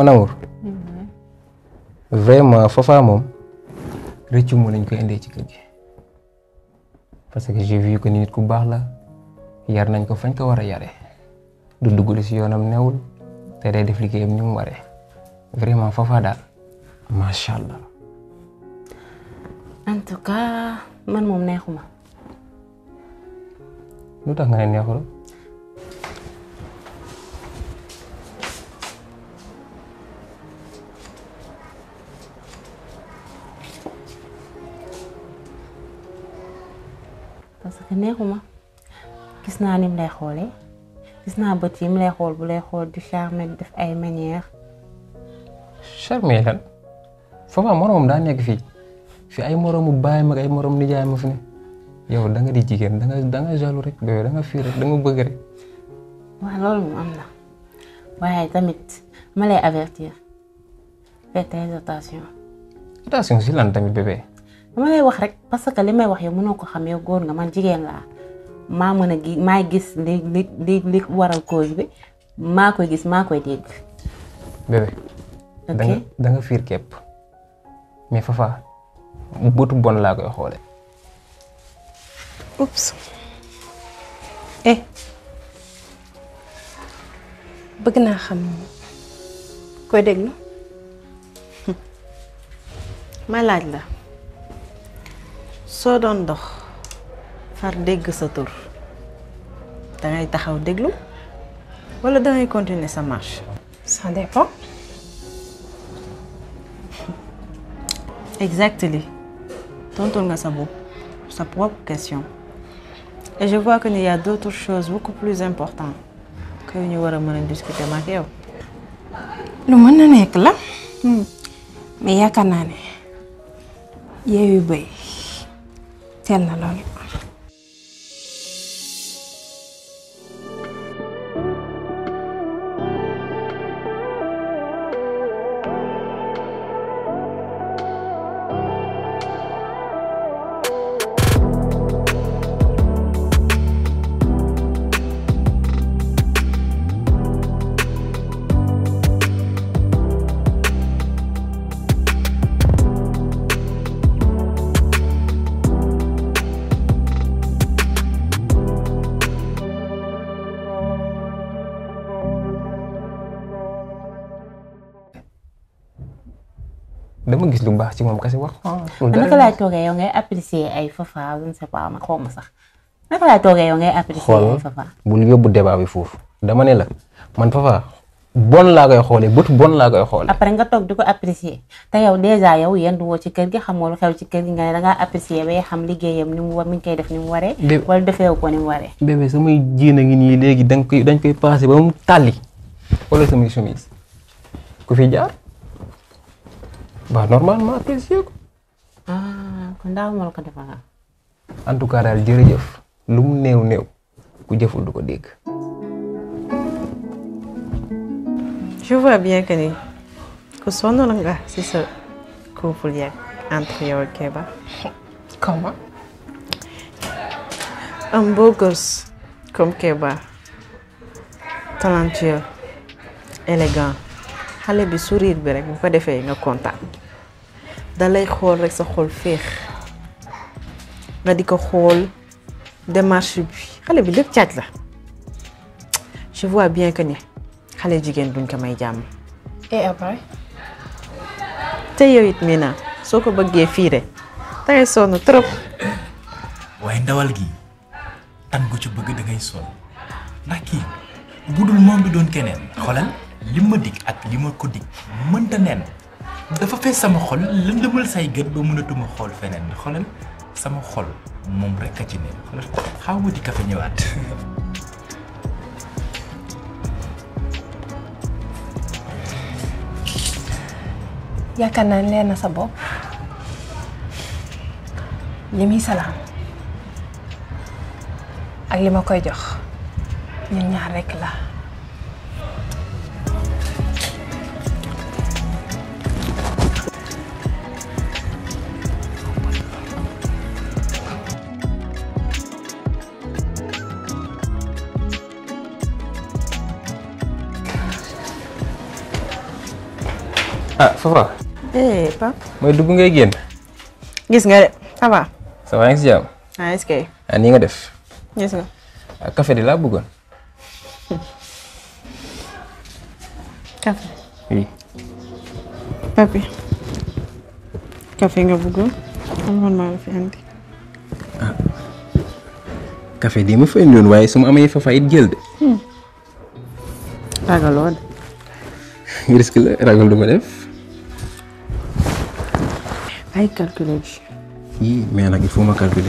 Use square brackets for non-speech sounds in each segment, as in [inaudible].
mon amour vraiment Fafa moom rëccu mu lañ koy indee ci kër gi parce que j'ai vu que nit ku baax la yar nañ ko fañ ko war a yaree du dugg si yoonam newul te day def liggéeyam ni mu ware vraiment Fafa daal allah. en tout cas man moom neexuma. lu tax nga ne neexul. neexuma gis naa nim lay xoolee gis naa bët yi mu lay xool bu lay xool di charmer di def ay manière charmer lan foofa moromam daa nekk fii fii ay moromu baay mag ay moromu nijaay ma fi ne yow da nga di jigéen da nga da nga jaloux rek bébé da nga fii rek da nga bëgg rek. waaw loolu moom am na waaye tamit ma lay avertir faites très attention. attention si lan tamit bébé. dama lay wax rek parce que li may wax yow mënoo ko xam yow góor nga man jigéen laa maa mën a gi maa gis li li li waral cause bi maa koy gis maa koy dégg. bébé. fiir képp mais Fafa bëtu bon laa koy xoole ups eh bëgg naa xam koy déglu hm. ma laaj la. soo doon dox far dégg sa tur ngay taxaw déglu wala ngay continuer sa marche. ça dépend. [laughs] exactement tontul nga sa bopp sa propre question et je vois qu'il y a d'autres choses beaucoup plus importantes que ñu war a mën a discuter avec ak yow. lu mën na nekk la. Hmm. mais yaakaar naa ne yeewu béy. يلا لولو dama gis lu baax ci moom kese wax. Oh. naka laay toogee yow ngay apprécier ay fafa je ne sais pas ma xaw ma sax toogee yow ngay apprécier ay fafa. bul yóbbu débat bi foofu dama ne la man fafa bon laa koy xoolee bët bon laa koy xoolee. après nga toog di ko apprécier te yow déjà yow yendu woo ci kër gi xam xamoo lu xew ci kër gi nga ne da ngaa apprécier ba xam liggéeyam ni mu war mi koy def ni mu waree. wala defeewu ko ni mu waree. bébé samay jéen a ngi nii léegi dañ koy dañ koy passé ba mu tali wala samay chemise Bah normalement ma ko. ah quand daaw ma la ko defal en tout cas daal jërëjëf lu mu néew néew ku jëful du ko je vois bien que ni ku sonal nga si ça couple yeeg entre yow keba. comment. un beau gosse comme Keba. talentueux élégant. xale bi sourire bi rek bu ko defee nga kontaan dalay xool rek sa xol féex nga di ko xool démarche bi xale bi lépp caaj la je vois bien que ne xale jigéen duñ ko may jàmm et après te yow it Mina soo ko bëggee fiire da ngay sonn trop waaye ndawal gi tan gu ci bëgg da ngay sonn ndax kii budul moom bi doon keneen xolal li ma dig ak li ma ko dig mënta nen dafa fees sama xol lëndëmal say gët ba mënatuma xool feneen xoolal sama xol moom rekk a ci ne xoolal xaw ma di kafe ñëwaat. yaakaar naa ne na sa bopp li muy salaam ak li ma koy jox ñun ñaar rekk la. Ah, Eh, hey, Pap. Mau dukung gak igin? Yes, nggak, ada. Apa? Sama yang sejam. Ah, SK. Ani ah, nggak def? Yes, nggak. Ah, Kafe di labu, kan? Kafe. Iya. Papi. Kafe nggak bugo. Kamu mau kan maaf, Andi. Ah. Kafe di mufa indun, wai sum amai fafa it gild. Hmm. Ragalod. Iris ragal ragalod mana def? Aïe, calculer. Oui, mais il faut me calculer.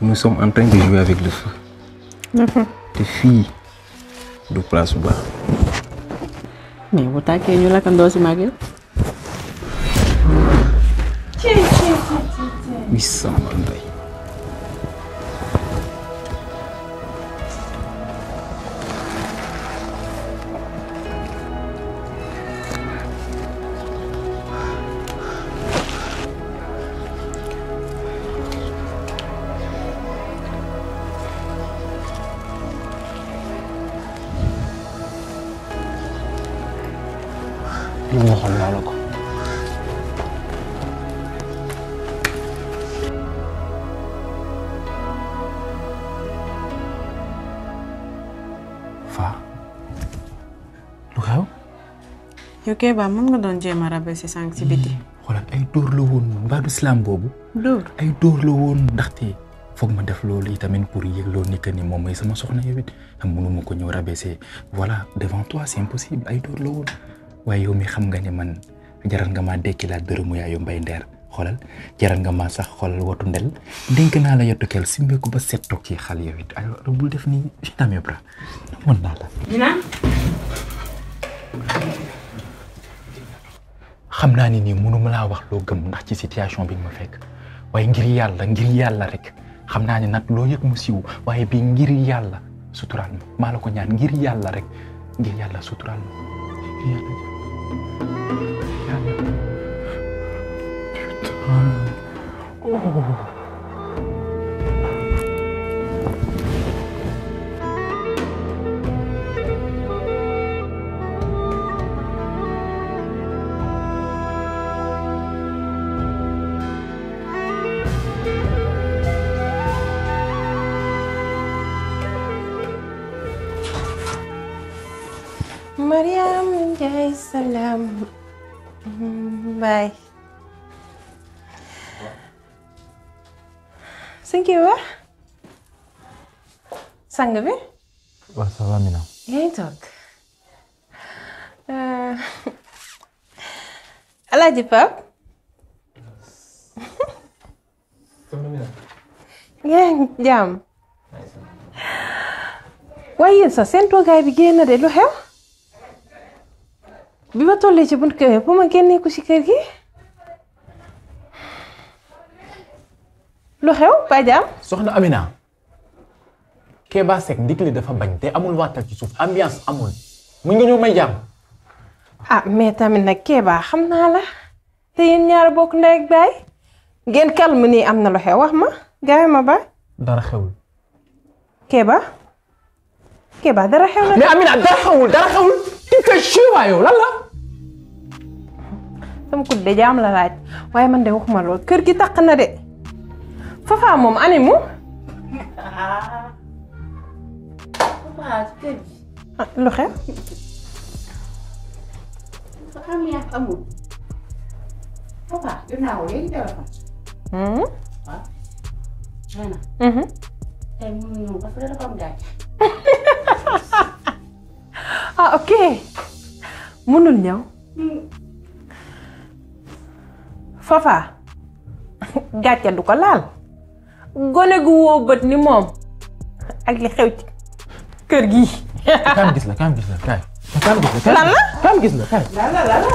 Nous sommes en train de jouer avec le feu. Des [laughs] filles, de place ou pas. Mais vous t'avez nous là quand la candeur, c'est ma gueule. Tiens, lu mu waxoon naa la ko. Faa lu xew. yow Kéba moom nga doon jéem a biti. xoolal ay dóor la woon du slam bobu. dóor ay dóor la woon ndaxte. foog ma def loolu itamit pour yeglo ni que ni moom mooy sama soxna yow it mënu ma ko ñëw voilà devant toi c'est impossible ay dóor la waaye yow mi xam nga ni man jaran nga maa dekkilaat dërëmu yaayu mbay ndeer xolal jaran nga ma sax xolal watu ndel denk na la yottu kel ko ba set xal yow it ayo bul def ni tamé bra mon na la dina xam naa ni nii mënuma laa wax lo gem ndax ci situation bi ma fekk waaye ngir yalla ngir yalla rek xam naa ne nag loo mu siwu waye bi ngir yalla sutural ñaan ngir yalla rek ngir Maria. guys. Salam. Mm, bye. sëñ kii wax sang bi. waaw ça va Mina. yaa ngi toog Alaaji Pap. yaa ngi jàmm. waaye seen toogaay bi génn de lu Biba तो ले जबन के वो मैं कहने कुछ करेगी lu xew Baye Diam soxna Amina Keba Seck ndigle dafa bañ te amul waatal ci suuf ambiance amul mun nga ñëw may jàmm ah mais tamit nag Keba xam naa la te yéen ñaar bokk ndey ak baay ngeen calme nii am na lu xew wax ma gaawe ma ba dara xewul Keba Keba dara xew na mais Amina dara xewul dara xewul tu fais chier waa yow lan la sama kut de jaam la laaj waaye man de ma lool kër gi taq na de Fafa moom ane mu ah, lu xew am yaa amul Fafa dinaa woo léegi téléphone hmm? waaw [laughs] Fafa gàcce du ko laal gone gu woo bët ni moom ak li xew kër gi. kaam gis la kaam gis la kaay. kaam gis la lan la kaam gis la kaay. lan la lan la.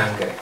ah